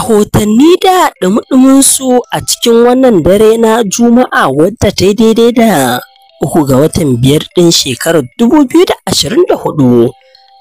rahotanni da ɗumi su a cikin wannan dare na Juma'a wadda ta yi daidai da uku ga watan biyar ɗin shekarar 2024.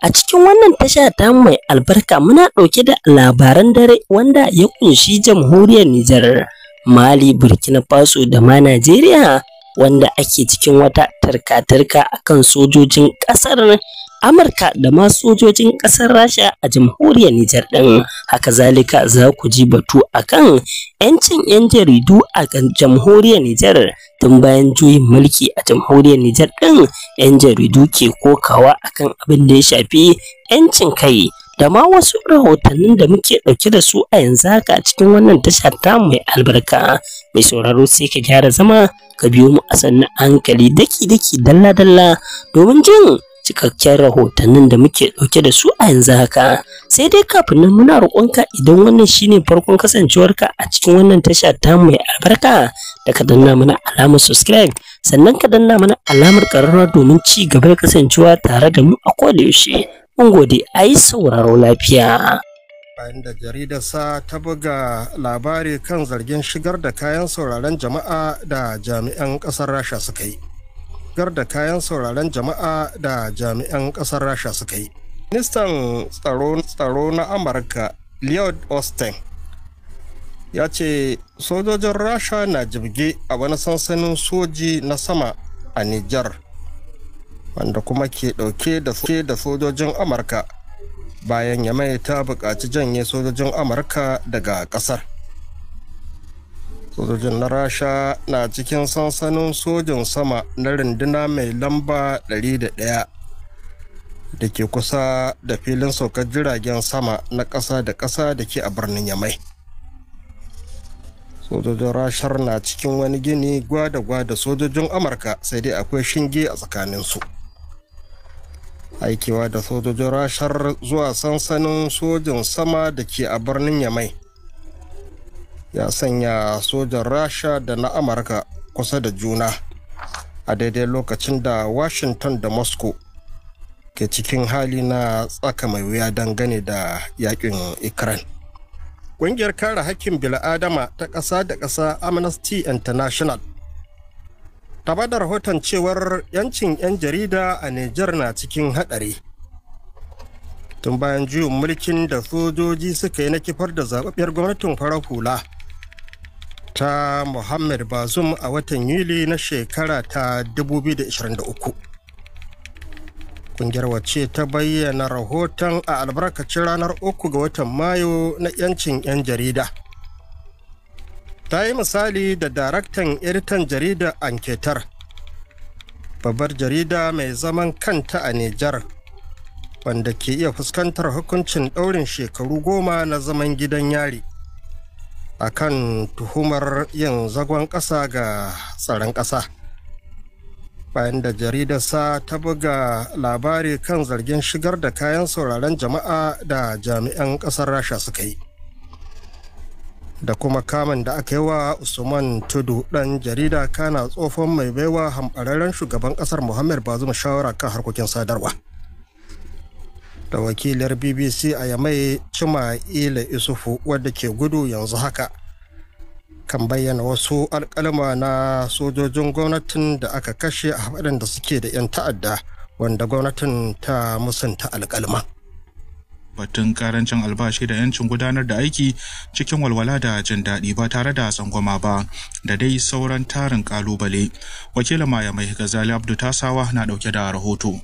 A cikin wannan tasha ta mai albarka muna ɗauke da labaran dare wanda ya ƙunshi jamhuriyar Nijar, Mali, Burkina Faso da ma Najeriya wanda ake cikin wata tarka-tarka akan sojojin ƙasar Amurka da ma sojojin ƙasar Rasha a jamhuriyar Nijar ɗin. Haka zalika za ku ji batu akan 'yancin 'yan jaridu a jamhuriyar Nijar tun bayan juyin mulki a jamhuriyar Nijar ɗin 'yan jaridu ke kokawa akan abin da ya shafi 'yancin kai da ma wasu rahotannin da muke ɗauke da su a yanzu haka a cikin wannan tashar ta mai albarka mai sauraro sai ka gyara zama ka biyo mu a sannan hankali daki-daki dalla-dalla domin jin cikakken rahotannin da muke ɗauke da su a yanzu haka. Sai dai kafin nan muna roƙonka idan wannan shine farkon kasancewarka a cikin wannan tasha ta mai albarka da ka danna mana alamar subscribe sannan ka danna mana alamar ƙararrawa domin ci gaba da kasancewa tare da mu a yaushe Mun gode a yi sauraro lafiya. bayan da jaridar sa ta buga labari kan zargin shigar da kayan sauraron jama'a da jami'an ƙasar rasha suka yi tafiyar da kayan sauraren jama'a da jami'an ƙasar rasha suka yi ministan tsaro na amurka lloyd austin ya ce sojojin rasha na jibge a wani sansanin soji na sama a niger wanda kuma ke dauke da sojojin amurka bayan ya mai ta buƙaci janye sojojin amurka daga ƙasar sojojin na rasha na cikin sansanin sojin sama na runduna mai lamba 101 da ke kusa da filin saukar jiragen sama na ƙasa da ƙasa da ke a birnin yamai sojojin rashar na cikin wani gini gwada-gwada sojojin amurka sai dai akwai shinge a tsakaninsu aikewa da sojojin rashar zuwa sansanin sojin sama da ke a birnin yamai ya sanya sojan rasha da na amurka kusa da juna a daidai lokacin da washington da moscow ke cikin hali na tsaka mai wuya dangane da yakin ukraine ƙungiyar kare hakkin Adama ta ƙasa da ƙasa amnesty international ta bada rahoton cewar yancin 'yan jarida a niger na cikin haɗari tun bayan juyin mulkin da sojoji suka yi na kifar da zaɓaɓɓiyar gwamnatin farar hula ta Muhammad Bazum a watan Yuli na shekara ta 2023. Kungiyar wacce ta bayyana rahoton a albarkacin ranar uku ga watan Mayu na 'yancin 'yan jarida. Ta yi misali da daraktan editan jarida Anketar, babbar jarida mai zaman kanta a Nijar. wanda ke iya fuskantar hukuncin ɗaurin shekaru goma na zaman gidan yari a kan tuhumar yin zagon ƙasa ga tsaron ƙasa bayan da sa ta buga labari kan zargin shigar da kayan sauraren jama'a da jami'an ƙasar rasha suka yi da kuma kamun da aka yi wa usman tudu ɗan jarida kana tsofon mai baiwa hamɓararren shugaban ƙasar muhammad bazum shawara kan harkokin sadarwa da wakilar bbc a yamai cima ila isufu wadda ke gudu yanzu haka kan bayyana wasu alkalma na sojojin gwamnatin da aka kashe a da suke da 'yan ta'adda wanda gwamnatin ta musanta alkalma. batun karancin albashi da yancin gudanar da aiki cikin walwala da jin daɗi ba tare da tsangwama ba da dai sauran tarin kalubale wakilin maya mai gazali abdu tasawa na ɗauke da rahoto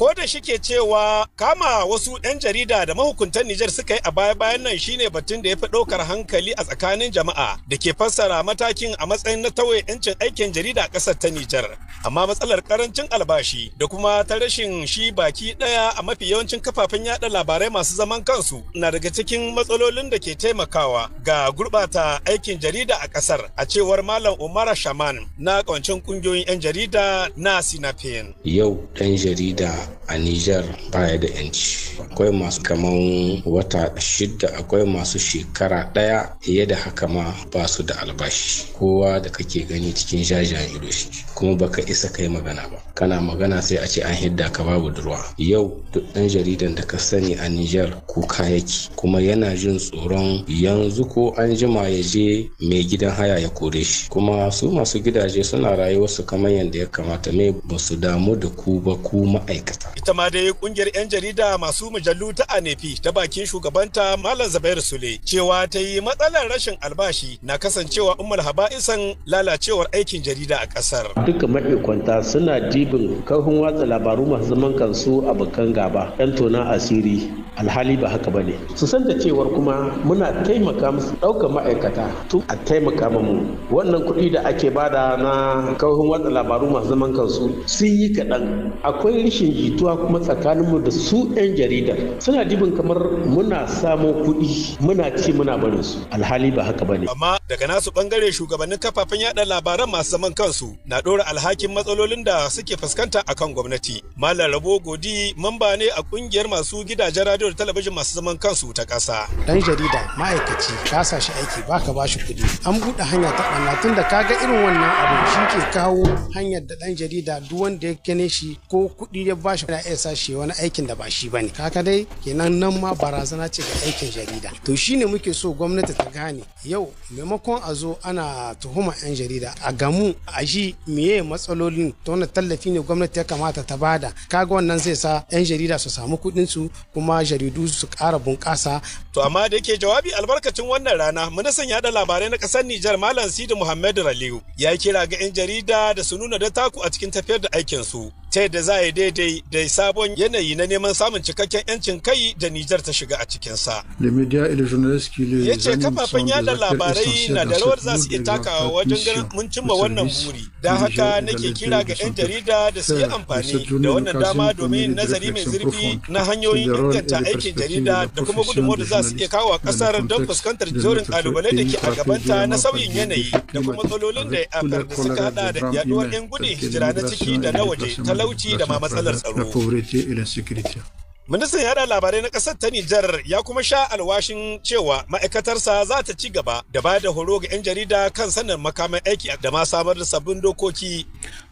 ko da ke cewa kama wasu 'yan jarida da mahukuntan Nijar suka yi a baya-bayan nan shine batun da ya fi ɗaukar hankali a tsakanin jama'a da ke fassara matakin a matsayin na tauye 'yancin aikin jarida a ƙasar ta Nijar. Amma matsalar ƙarancin albashi da kuma ta rashin shi baki ɗaya a mafi yawancin kafafen yada labarai masu zaman kansu na daga cikin matsalolin da ke taimakawa ga gurɓata aikin jarida a ƙasar a cewar Malam Umar Shaman na ƙawancin ƙungiyoyin 'yan jarida na Sinapin. Yau ɗan jarida a Nijar baya da yanci. Akwai masu kaman wata shidda akwai masu shekara ɗaya fiye da haka ma ba su da albashi. Kowa da kake gani cikin jajayen ido shi kuma baka isa kai magana ba. Kana magana sai a ce an hidda ka babu durwa. Yau duk ɗan jaridan da ka sani a Nijar kuka yake kuma yana jin tsoron yanzu ko an jima ya je mai gidan haya ya kore shi. Kuma su masu gidaje suna rayuwarsu kamar yadda ya kamata ne ba su damu da ku ba ku ma'aikata. ita ma dai kungiyar 'yan jarida masu mujallu ta anefi ta bakin shugabanta malam Zubairu sule cewa ta yi matsalar rashin albashi na kasancewa umar haba'isan lalacewar aikin jarida a kasar duka ma'ikwanta suna dibin karfin watsa labaru masu zaman kansu abokan gaba 'yan tona asiri alhali ba haka ba ne su san da cewar kuma muna taimaka musu ɗaukar ma'aikata tun a taimaka mu wannan kuɗi da ake bada na kauhin watsa labaru masu zaman kansu sun yi kaɗan akwai rashin jituwa kuma tsakaninmu da su 'yan jarida suna dibin kamar muna samo kuɗi muna ci muna barin su alhali ba haka bane amma daga nasu bangare shugabannin kafafen yada labaran masu zaman kansu na ɗora alhakin matsalolin da suke fuskanta akan gwamnati malam rabo godi mamba ne a kungiyar masu gidajen radio da talabijin masu zaman kansu ta ƙasa dan jarida ma'aikaci ka shi aiki baka ba kuɗi an buɗe hanya ta ɓanna tun da kaga irin wannan abu shi ke kawo hanyar da dan jarida duk wanda ya kene shi ko kuɗi ya ba shi yana iya sa shi wani aikin da ba shi ba ne kaka dai kenan nan ma barazana ce ga aikin jarida to shi ne muke so gwamnati ta gane yau maimakon a zo ana tuhuma 'yan jarida a gamu a shi miye matsalolin ta wani tallafi ne gwamnati ya kamata ta bada kaga wannan zai sa 'yan jarida su samu kuɗin su kuma jaridu su kara bunƙasa. to amma da yake jawabi albarkacin wannan rana ministan yaɗa labarai na ƙasar nijar malam sidi muhammad raliu ya kira ga 'yan jarida da su nuna da taku a cikin tafiyar da aikinsu ta yadda za a yi daidai da sabon yanayi na neman samun cikakken 'yancin kai da Nijar ta shiga a sa. Ya ce kafafen yada labarai na da rawar za su iya takawa wajen ganin mun cimma wannan buri. Da haka nake kira ga 'yan jarida da su yi amfani da wannan dama domin nazari mai zurfi na hanyoyin inganta aikin jarida da kuma gudunmawar da za su iya kawo kasar don fuskantar jorin kalubale da ke a gabanta na sauyin yanayi da kuma matsalolin da ya suka hada da yaduwar 'yan gudun hijira na ciki da na waje talauci da ma matsalar tsaro. pauvreté et la Ministan yada labarai na ƙasar ta Nijar ya kuma sha alwashin cewa ma'aikatarsa za ta ci gaba da bayar da horo ga 'yan jarida kan sanin makaman aiki da ma samar da sabbin dokoki.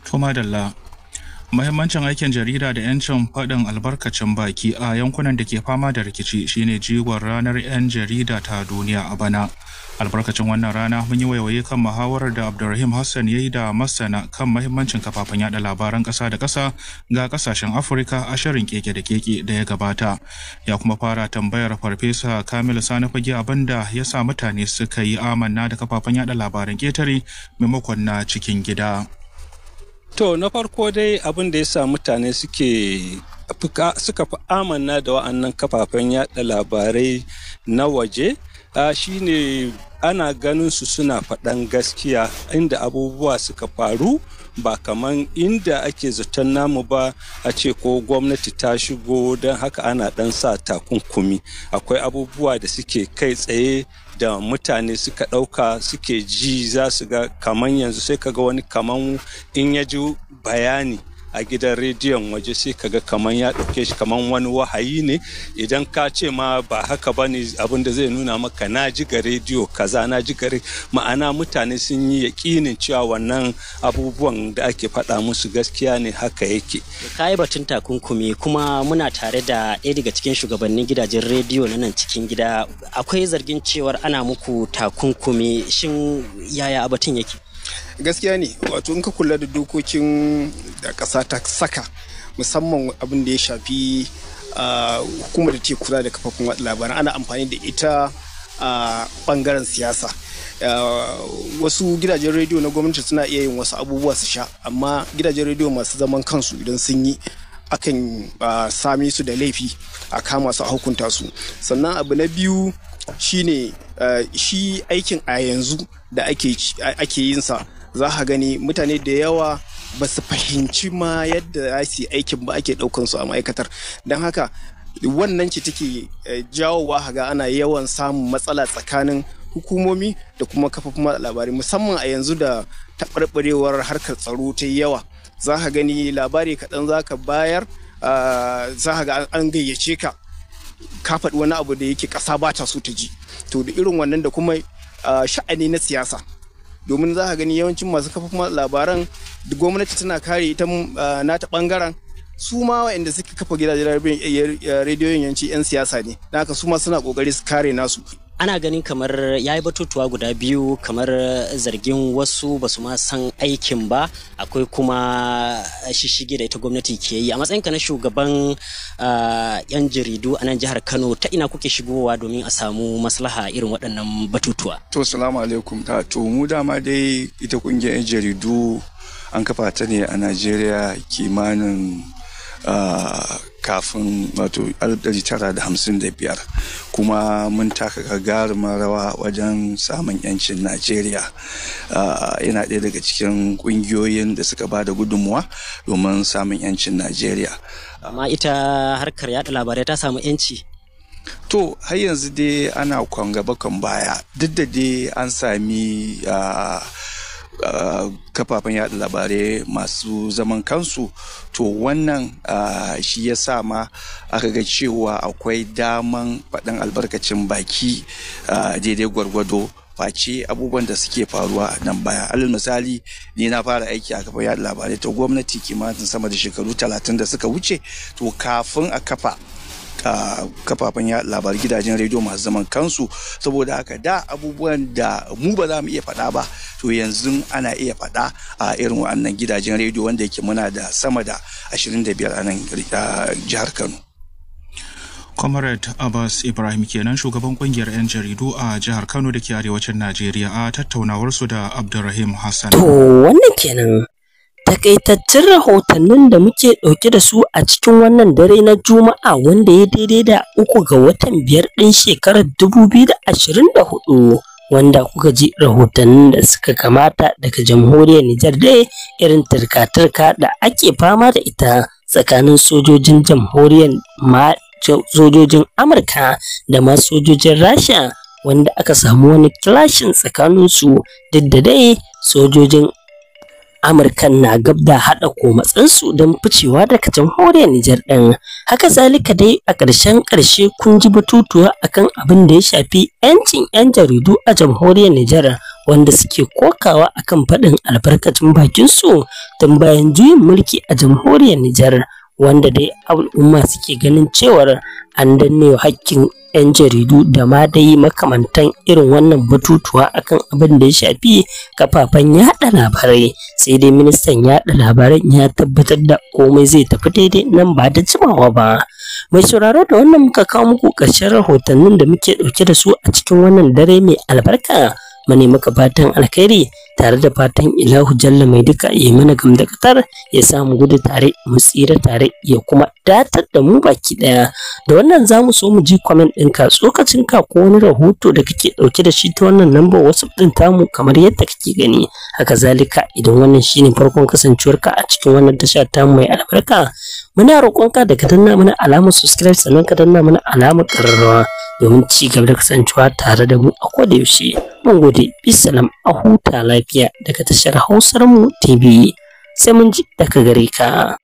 Tuma Dalla, Mahimmancin aikin jarida da 'yancin faɗin albarkacin baki a yankunan da ke fama da rikici shine jigon ranar 'yan jarida ta duniya a bana. albarkacin wannan rana mun yi waiwaye kan muhawarar da abdulrahim hassan ya yi da masana kan mahimmancin kafafen yada labaran ƙasa da kasa ga ƙasashen afirka a shirin keke da keke da ya gabata ya kuma fara tambayar farfesa kamilu sani fage abin da ya sa mutane suka yi amanna da kafafen yada labaran ƙetare maimakon na cikin gida to na farko dai abin da ya sa mutane suke suka fi amanna da wa'annan kafafen yada labarai na waje uh, shine ana ganin su suna faɗan gaskiya inda abubuwa suka faru ba kaman inda ake zaton namu ba a ce ko gwamnati ta shigo don haka ana ɗan sa takunkumi akwai abubuwa da suke kai tsaye da mutane suka ɗauka suke ji za su ga kaman yanzu sai kaga wani kaman in ya ji bayani a gidan rediyon waje sai kaga kaman ya ɗauke shi kaman wani wahayi ne idan ka ce ma ba haka ba ne abin da zai nuna maka na ji ga rediyo kaza na ji gare ma'ana mutane sun yi yaƙinin cewa wannan abubuwan da ake faɗa musu gaskiya ne haka yake. ka yi batun takunkumi kuma muna tare da ɗaya daga cikin shugabannin gidajen rediyo na nan cikin gida akwai zargin cewar ana muku takunkumi shin yaya batun yake? gaskiya ne wato in ka kula da dokokin da ƙasa ta saka musamman abin da ya shafi hukumar da ke kula da kafafun watsa labaran ana amfani da ita a bangaren siyasa wasu gidajen rediyo na gwamnati suna iya yin wasu abubuwa su sha amma gidajen rediyo masu zaman kansu idan sun yi akan sami su da laifi a kama su a hukunta su sannan abu na biyu shine Eh, shi aikin a yanzu da ake yin sa za ka gani mutane da yawa ba su fahimci ma yadda za su aikin ba ake ɗaukan su a ma'aikatar don haka wannan ce take eh, jawowa haga ana yawan samun matsala tsakanin hukumomi da kuma kafafun labarai musamman a yanzu da taɓarɓarewar harkar tsaro ta yi yawa za ka gani labari kaɗan za ka bayar eh, za ka ga an gayyace ka ka faɗi wani abu da yake ƙasa ba ta so ta ji to da irin wannan da kuma sha'ani na siyasa domin za ka gani yawancin masu kafa labaran da gwamnati tana kare ita na ta bangaren su ma waɗanda suka kafa gidajen rediyoyin yanci 'yan siyasa ne na haka su ma suna ƙoƙari su kare nasu ana ganin kamar ya yi batutuwa guda biyu kamar zargin wasu ba su ma san aikin ba akwai kuma shishige da ita gwamnati ke yi a matsayin ka na shugaban ah, yan jaridu a nan jihar kano ta ina kuke shigowa domin a samu maslaha irin waɗannan batutuwa to salamu alaikum ta, to mu dama dai ita kungiyar yan jaridu an kafa ta ne a najeriya kimanin ah, kafin wato biyar, kuma mun taka gagarumin rawa wajen samun yancin najeriya ah, yana ɗaya daga cikin ƙungiyoyin da suka ba da gudunmuwa domin samun yancin najeriya amma ita harkar yada labarai ta samu yanci to har yanzu dai ana kwan gaba baya duk da dai an sami uh, kafafen yaɗa labarai masu zaman kansu to wannan shi ya sa ma aka ga cewa akwai daman faɗin albarkacin baki daidai gwargwado face abubuwan da suke faruwa nan baya alal misali ni na fara aiki a kafa yaɗa labarai ta gwamnati kimanin sama da shekaru talatin da suka wuce to kafin a kafa a kafafen labarai gidajen rediyo masu zaman kansu saboda haka da abubuwan da mu ba za mu iya faɗa ba to yanzu ana iya faɗa a irin wannan gidajen rediyo wanda yake muna da sama da 25 a nan jihar Kano. Comrade Abbas Ibrahim kenan shugaban kungiyar 'yan jaridu a jihar Kano da ke arewacin Najeriya a tattaunawar su da Abdulrahim Hassan. To wannan kenan Takaitaccen rahotannin da muke ɗauke da su a cikin wannan dare na Juma'a wanda ya daidai da uku ga watan biyar ɗin shekarar da hudu, wanda kuka ji rahotannin da suka kamata daga jamhuriyar Nijar dai irin turka da ake fama da ita tsakanin sojojin jamhuriyar ma sojojin Amurka da ma sojojin Rasha wanda aka samu wani clashin tsakaninsu duk da dai sojojin Amurkan na gab da haɗa komatsinsu don ficewa daga jamhuriyar Nijar ɗin. Haka zalika dai a ƙarshen ƙarshe kun ji batutuwa akan abin da ya shafi 'yancin 'yan jaridu a jamhuriyar Nijar wanda suke kokawa akan faɗin albarkacin bakinsu don bayan juyin mulki a jamhuriyar Nijar wanda dai al'umma suke ganin cewar an danne hakkin 'yan jaridu da ma dai makamantan irin wannan batutuwa akan abin da ya shafi kafafen yaɗa labarai sai dai ministan yaɗa labaran ya tabbatar da komai zai tafi daidai nan ba da jimawa ba mai sauraro da wannan muka kawo muku ƙarshen rahotannin da muke ɗauke da su a cikin wannan dare mai albarka mu ne muka fatan alkhairi tare da fatan ilahu jalla mai duka ya mana gamdakatar ya samu gudu tare mu tsira tare ya kuma datar da mu baki daya da wannan za mu so mu ji comment ɗinka tsokacin ka ko wani rahoto da kake ɗauke da shi ta wannan lambar whatsapp ɗin tamu kamar yadda kake gani haka zalika idan wannan shine farkon kasancewarka a cikin wannan tasha tamu mai albarka muna roƙonka da ka danna mana alamar subscribe sannan ka danna mana alamar ƙararrawa domin ci gaba da kasancewa tare da mu a kodayaushe yaushe mun gode bisalam a huta lafiya lafiya daga tashar Hausar mu TV. Sai mun ji daga gare ka.